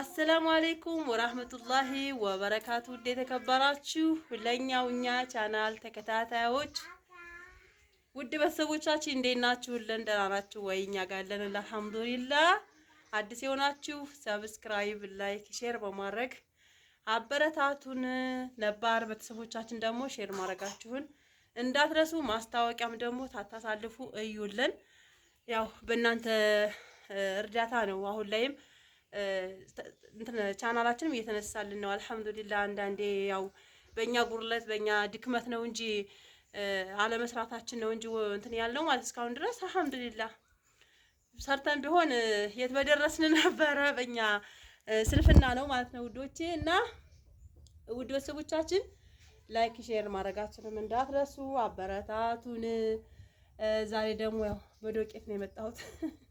አሰላሙ አሌይኩም ወራህመቱላሂ ወበረካቱ። ውድ የተከበራችሁ ለእኛው እኛ ቻናል ተከታታዮች ውድ ቤተሰቦቻችን እንዴት ናችሁልን? ደህና ናችሁ ወይ? እኛ ጋር አለን አልሐምዱሊላ። አዲስ የሆናችሁ ሰብስክራይብ፣ ላይክ፣ ሼር በማድረግ አበረታቱን። ነባር ቤተሰቦቻችን ደግሞ ሼር ማድረጋችሁን እንዳትረሱ። ማስታወቂያም ደግሞ ታታሳልፉ እዩልን። ያው በእናንተ እርዳታ ነው አሁን ላይም ቻናላችንም እየተነሳልን ነው። አልሐምዱሊላ። አንዳንዴ ያው በእኛ ጉርለት በእኛ ድክመት ነው እንጂ አለመስራታችን ነው እንጂ እንትን ያልነው ማለት እስካሁን ድረስ አልሐምዱሊላ። ሰርተን ቢሆን የት በደረስን ነበረ። በእኛ ስልፍና ነው ማለት ነው ውዶቼ እና ውድ ቤተሰቦቻችን ላይክ ሼር ማድረጋችንም እንዳትረሱ፣ አበረታቱን። ዛሬ ደግሞ ያው በዶቄት ነው የመጣሁት።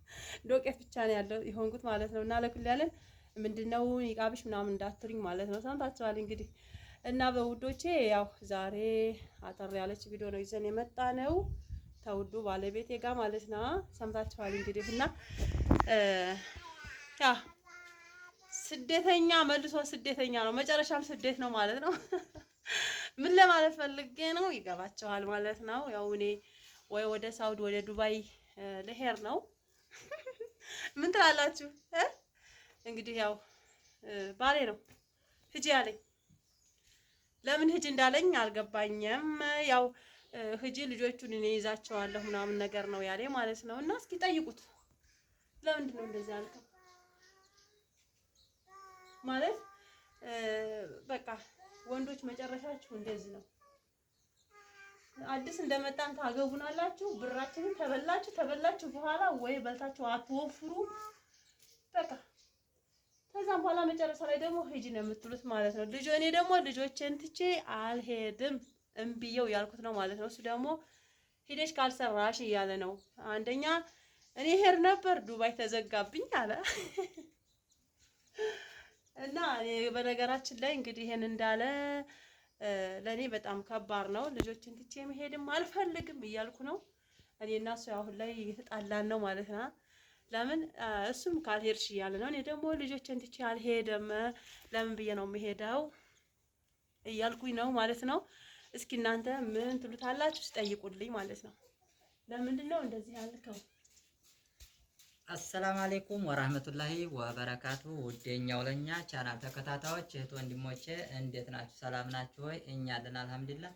ዶቄት ብቻ ነው ያለው የሆንኩት ማለት ነው። እና ለኩል ያለን ምንድነው ይቃብሽ ምናምን እንዳትሩኝ ማለት ነው። ሰምታችኋል እንግዲህ እና በውዶቼ ያው ዛሬ አጠር ያለች ቪዲዮ ነው ይዘን የመጣ ነው ተውዱ ባለቤቴ ጋር ማለት ነው። ሰምታችኋል እንግዲህ እና ያ ስደተኛ መልሶ ስደተኛ ነው፣ መጨረሻም ስደት ነው ማለት ነው። ምን ለማለት ፈልጌ ነው ይገባችኋል ማለት ነው። ያው እኔ ወይ ወደ ሳውድ ወደ ዱባይ ልሄድ ነው ምን ትላላችሁ? እንግዲህ ያው ባሌ ነው ህጂ ያለኝ ለምን ህጂ እንዳለኝ አልገባኝም። ያው ህጂ ልጆቹን እኔ ይዛቸዋለሁ ምናምን ነገር ነው ያለ ማለት ነው። እና እስኪ ጠይቁት፣ ለምንድን ነው እንደዚህ አልከው ማለት በቃ ወንዶች መጨረሻችሁ እንደዚህ ነው። አዲስ እንደመጣን ታገቡናላችሁ። ብራችንን ተበላችሁ ተበላችሁ በኋላ ወይ በልታችሁ አትወፍሩ። በቃ ከዛም በኋላ መጨረሻ ላይ ደግሞ ሂጂ ነው የምትሉት ማለት ነው። ልጆ እኔ ደግሞ ልጆቼን ትቼ አልሄድም እምብዬው ያልኩት ነው ማለት ነው። እሱ ደግሞ ሂደሽ ካልሰራሽ እያለ ነው። አንደኛ እኔ ሄድ ነበር ዱባይ ተዘጋብኝ አለ እና በነገራችን ላይ እንግዲህ ይሄን እንዳለ ለእኔ በጣም ከባድ ነው። ልጆችን ትቼ መሄድም አልፈልግም እያልኩ ነው። እኔ እና እሱ አሁን ላይ እየተጣላን ነው ማለት ነው። ለምን እሱም ካልሄድሽ እያለ ነው። እኔ ደግሞ ልጆችን ትቼ አልሄድም፣ ለምን ብዬ ነው የምሄደው እያልኩኝ ነው ማለት ነው። እስኪ እናንተ ምን ትሉታላችሁ? ስጠይቁልኝ ማለት ነው። ለምንድን ነው እንደዚህ ያልከው? አሰላም አሌይኩም ወራህመቱላሂ ወበረካቱ። ውደኛው ለኛ ቻናል ተከታታዮች እህት ወንድሞቼ እንዴት ናችሁ? ሰላም ናችሁ ወይ? እኛ አለን አልሐምዱሊላህ።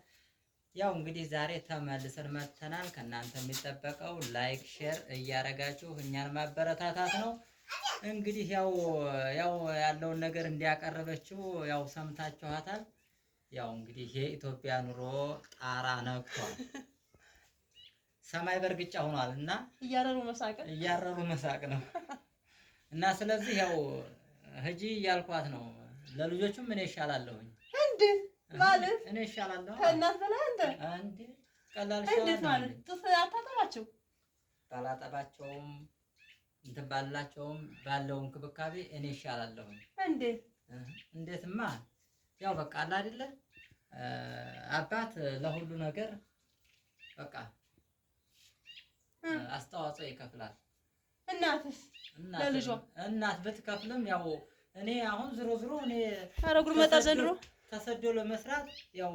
ያው እንግዲህ ዛሬ ተመልሰን መጥተናል። ከእናንተ የሚጠበቀው ላይክ፣ ሼር እያረጋችሁ እኛን ማበረታታት ነው። እንግዲህ ያው ያው ያለውን ነገር እንዲያቀረበችው ያው ሰምታችኋታል። ያው እንግዲህ የኢትዮጵያ ኑሮ ጣራ ነግቷል ሰማይ በእርግጫ ሆኗል እና እያረሩ መሳቅ እያረሩ መሳቅ ነው እና ስለዚህ ያው ህጂ እያልኳት ነው። ለልጆቹም እኔ እሻላለሁኝ እንዴ ማለት እኔ እሻላለሁ ከእናት በላይ አንተ አንዴ ቀላል ሻለ ማለት ጥፍ አታጠባቸው ባላጠባቸውም እንትን ባላቸውም ባለው እንክብካቤ እኔ እሻላለሁኝ እንዴ እንዴትማ ያው በቃ አለ አይደለ አባት ለሁሉ ነገር በቃ አስተዋጽኦ ይከፍላል። እናትስ ለልጇ እናት ብትከፍልም ያው እኔ አሁን ዝሮ ዝሮ እኔ አረጉር መጣ ዘንድሮ ተሰዶ ለመስራት ያው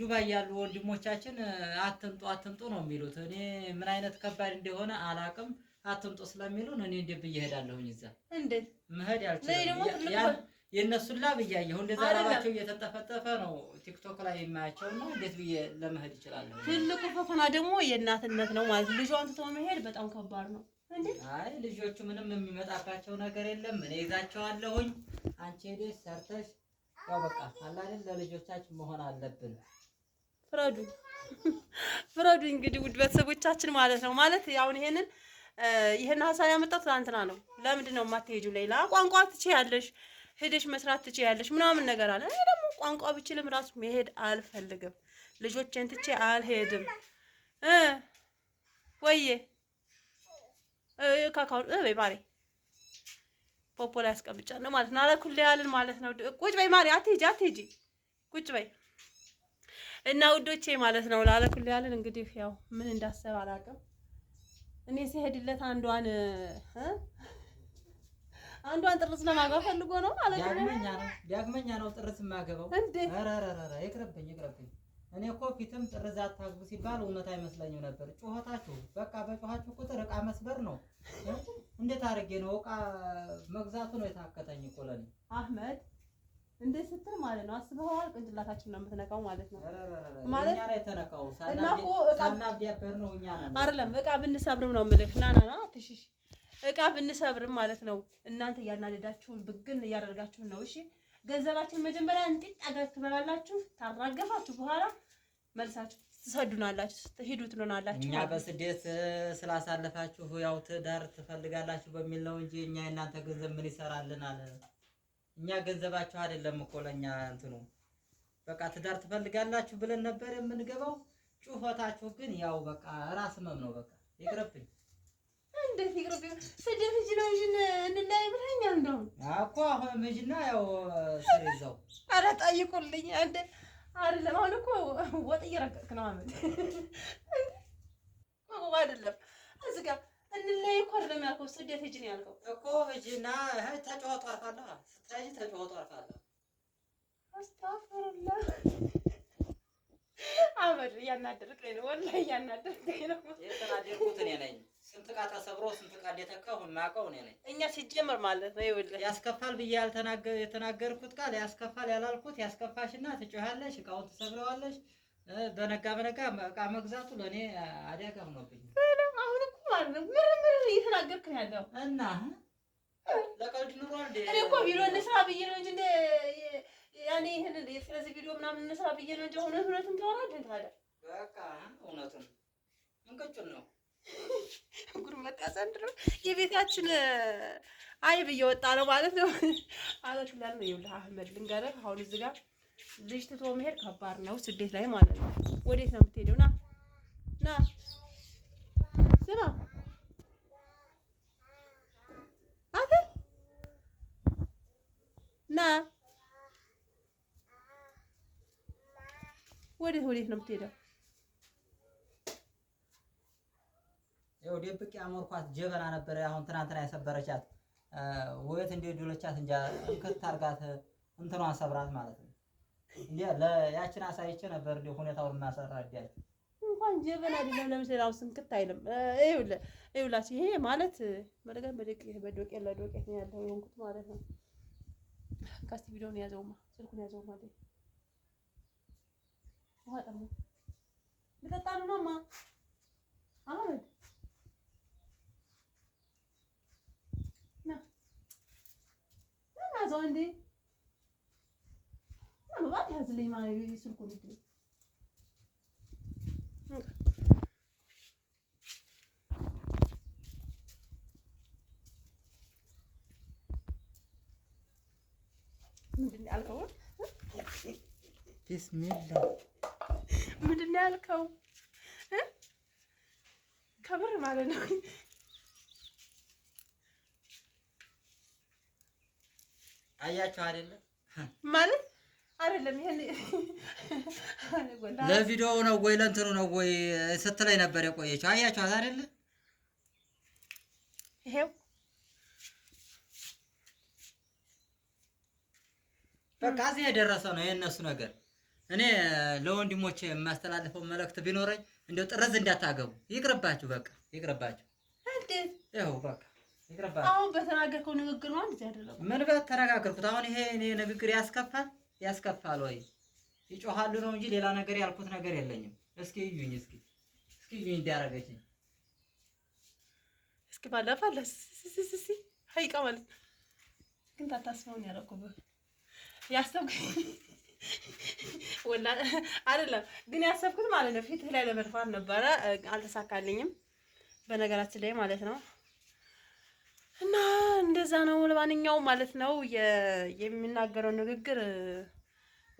ዱባይ ያሉ ወንድሞቻችን አትምጡ አትምጡ ነው የሚሉት። እኔ ምን አይነት ከባድ እንደሆነ አላቅም። አትምጡ ስለሚሉን እኔ እንዴት ብዬ እሄዳለሁኝ እዛ እንዴ መሄድ ያልችልም። የእነሱን ላብ እያየሁ እንደዛ ላባቸው እየተጠፈጠፈ ነው ቲክቶክ ላይ የማያቸው ነው። እንዴት ብዬ ለመሄድ ይችላል? ትልቁ ፈተና ደግሞ የእናትነት ነው ማለት ልጇን ትቶ መሄድ በጣም ከባድ ነው። አይ ልጆቹ ምንም የሚመጣባቸው ነገር የለም። እኔ ይዛቸዋለሁኝ። አንቺ ሄደሽ ሰርተሽ ያው በቃ አላለን ለልጆቻችን መሆን አለብን። ፍረዱ ፍረዱ። እንግዲህ ውድ ቤተሰቦቻችን ማለት ነው ማለት አሁን ይሄንን ይሄን ሀሳብ ያመጣሁት ትናንትና ነው። ለምንድን ነው የማትሄጂው? ሌላ ቋንቋ ትችያለሽ ሄደሽ መስራት ትችያለሽ ምናምን ነገር አለ። እኔ ደግሞ ቋንቋ ብችልም ራሱ መሄድ አልፈልግም። ልጆቼን ትቼ አልሄድም። ወዬ ካካው በይ ማሪ ፖፖ ላይ ነው ማለት ነው። አላኩል ያልን ማለት ነው። ቁጭ በይ ማሪ፣ አትሄጂ አትሄጂ፣ ቁጭ በይ እና ውዶቼ ማለት ነው። ላለኩል ያልን እንግዲህ ያው ምን እንዳሰብ አላውቅም። እኔ ሲሄድለት አንዷን አንዷን ጥርስ ለማግባት ፈልጎ ነው ማለት ነው። ዳግመኛ ነው ዳግመኛ ነው ጥርስ የማገባው እንዴ? ኧረ ኧረ ይቅርብኝ ይቅርብኝ። እኔ እኮ ፊትም ጥርስ አታግቡ ሲባል እውነት አይመስለኝም ነበር። ጩኸታችሁ በቃ በጩኸታችሁ ቁጥር እቃ መስበር ነው። እንዴት አድርጌ ነው እቃ መግዛቱ ነው የታከተኝ እኮ ለእኔ አህመድ እንዴት ስትል ማለት ነው አስበኸዋል? ቅንጭላታችን ነው የምትነካው ማለት ነው። ማለት እኛ ላይ ሳና ሳና ቢያበር ነው እኛ ነን አይደለም እቃ ብንሰብርም ነው የምልሽ። ና ና ና ትሽሽ እቃ ብንሰብርም ማለት ነው እናንተ እያናደዳችሁን ብግን እያደረጋችሁን ነው። እሺ ገንዘባችን መጀመሪያ እንጢጥ አገር ትበላላችሁ፣ ታራገፋችሁ፣ በኋላ መልሳችሁ ትሰዱናላችሁ፣ ሄዱ ትሆናላችሁ። እኛ በስደት ስላሳለፋችሁ ያው ትዳር ትፈልጋላችሁ በሚል ነው እንጂ እኛ የእናንተ ገንዘብ ምን ይሰራልናል? እኛ ገንዘባችሁ አይደለም እኮ ለእኛ እንትኑ በቃ ትዳር ትፈልጋላችሁ ብለን ነበር የምንገባው። ጩኸታችሁ ግን ያው በቃ ራስ መም ነው። በቃ ይቅርብኝ። እንደ ፍቅር ቢሆን ስድብ ነው እንጂ እንለያይ ብለኸኛል። እንደውም እኮ አሁን ሂጂና ያው ስር ይዘው ጠይቁልኝ አንድ አይደለም። አሁን እኮ ወጥ እየረገጥክ ነው። አመድ አይደለም እዚህ ጋር እንለያይ እኮ አይደለም ያልከው፣ ስደት ሂጂ ነው ያልከው እኮ። ሂጂና ተጫወቱ አርፋለሁ። ሂጂ ተጫወቱ አርፋለሁ። አስታፈርላ አመድ እያናደርክ ነው ወላሂ፣ እያናደርክ ነው። የተናደድኩት እኔ ነኝ። ስንት ዕቃ ተሰብሮ ስንት ዕቃ እንደተካሁ የማውቀው እኔ ነኝ። እኛ ሲጀመር ማለት ነው ይኸውልህ፣ ያስከፋል ብዬ የተናገርኩት ቃል ያስከፋል ያላልኩት ያስከፋሽና ትጮሃለሽ፣ ዕቃውን ትሰብረዋለሽ። በነጋ በነጋ ዕቃ መግዛቱ ለእኔ አደጋ ሆኖብኝ አሁን እኮ ማለት ነው ምርምር እየተናገርክ ነው ያለው እና ለቀልድ ኑሮ እንደ እኔ እኮ ቢሮ እንስራ ብዬ ነው እንጂ እንደ ያኔ ስለዚህ ቪዲዮ ምናምን እንስራ ብዬ ነው እንጂ እውነት ታወራለህ ታዲያ በቃ እውነቱን ነው ጉርመጣ ዘንድሮ የቤታችን አይብ እየወጣ ነው ማለት ነው። አላሽ ብላል ነው ይውላ አህመድ ልንገርህ፣ አሁን እዚህ ጋር ልጅ ትቶ መሄድ ከባድ ነው ስደት ላይ ማለት ነው። ወዴት ነው የምትሄደው? ና ና ስማ ና ወዴት ወዴት ነው የምትሄደው? ይኸው ደብቄ አሞርኳት ጀበና ነበረ። አሁን ትናንትና የሰበረቻት ወየት እንደ ዶለቻት እንጃ እንክት አርጋት እንትኗን ሰብራት ማለት ነው። እንዴ ለያችን አሳይቼ ነበር እንደ ሁኔታውን ማሰራዲያት እንኳን ጀበና አይደለም ለምሳሌ አሁን ስንክት አይልም። ይውላ ይውላች ይሄ ማለት መደገም በደቅ በዶቄ ለዶቄ ነው ያለው የሆንኩት ማለት ነው። ካስቲ ቪዲዮን ያዘውማ ስልኩን ያዘውማ ደግ ውሃ ጠሙ ልጠጣ ነው ማ አሁን ያዘው እንዴ ምናልባት ያዝልኝ ማለት ስልኩ ልጅ ምንድን ነው ያልከው? ምንድን ነው ያልከው? ከብር ማለት ነው አያችሁ አይደለ? ማለት አይደለም። ይሄን ለቪዲዮ ነው ወይ ለእንትኑ ነው ወይ ስትለኝ ነበር የቆየችው። አያችኋት አይደለ? ይሄው በቃ እዚህ የደረሰ ነው የእነሱ ነገር። እኔ ለወንድሞቼ የማስተላልፈው መልእክት ቢኖረኝ እንደው ጥርዝ እንዳታገቡ፣ ይቅርባችሁ፣ በቃ ይቅርባችሁ። ይኸው በቃ አሁን በተናገርከው ንግግር ነው እንደዚህ ምን አሁን ይሄ እኔ ንግግር ያስከፋል ያስከፋል ወይ ይጮሃሉ ነው እንጂ ሌላ ነገር ያልኩት ነገር የለኝም። እስኪ እዩኝ፣ እስኪ እስኪ እዩኝ እንዲያደርገችኝ እስኪ ባለፈ አለ ሲሲሲሲ ሀይቃ ማለት ግን ታታስበውን ያደረኩብህ ወላ አይደለም ግን ያሰብኩት ማለት ነው ፊትህ ላይ ለመድፋት ነበረ፣ አልተሳካልኝም በነገራችን ላይ ማለት ነው። እና እንደዛ ነው። ለማንኛውም ማለት ነው የሚናገረው ንግግር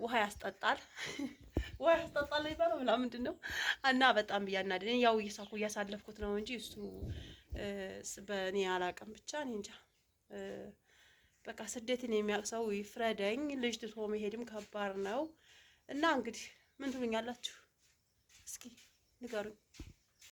ውሃ ያስጠጣል፣ ውሃ ያስጠጣል ይባለው ብላ ምንድን ነው? እና በጣም እያናደደኝ ያው እየሳኩ እያሳለፍኩት ነው እንጂ እሱ በእኔ አላውቅም። ብቻ እኔ እንጃ በቃ ስደትን የሚያቅሰው ይፍረደኝ። ልጅ ትቶ መሄድም ከባድ ነው እና እንግዲህ ምን ትሉኛላችሁ? እስኪ ንገሩኝ።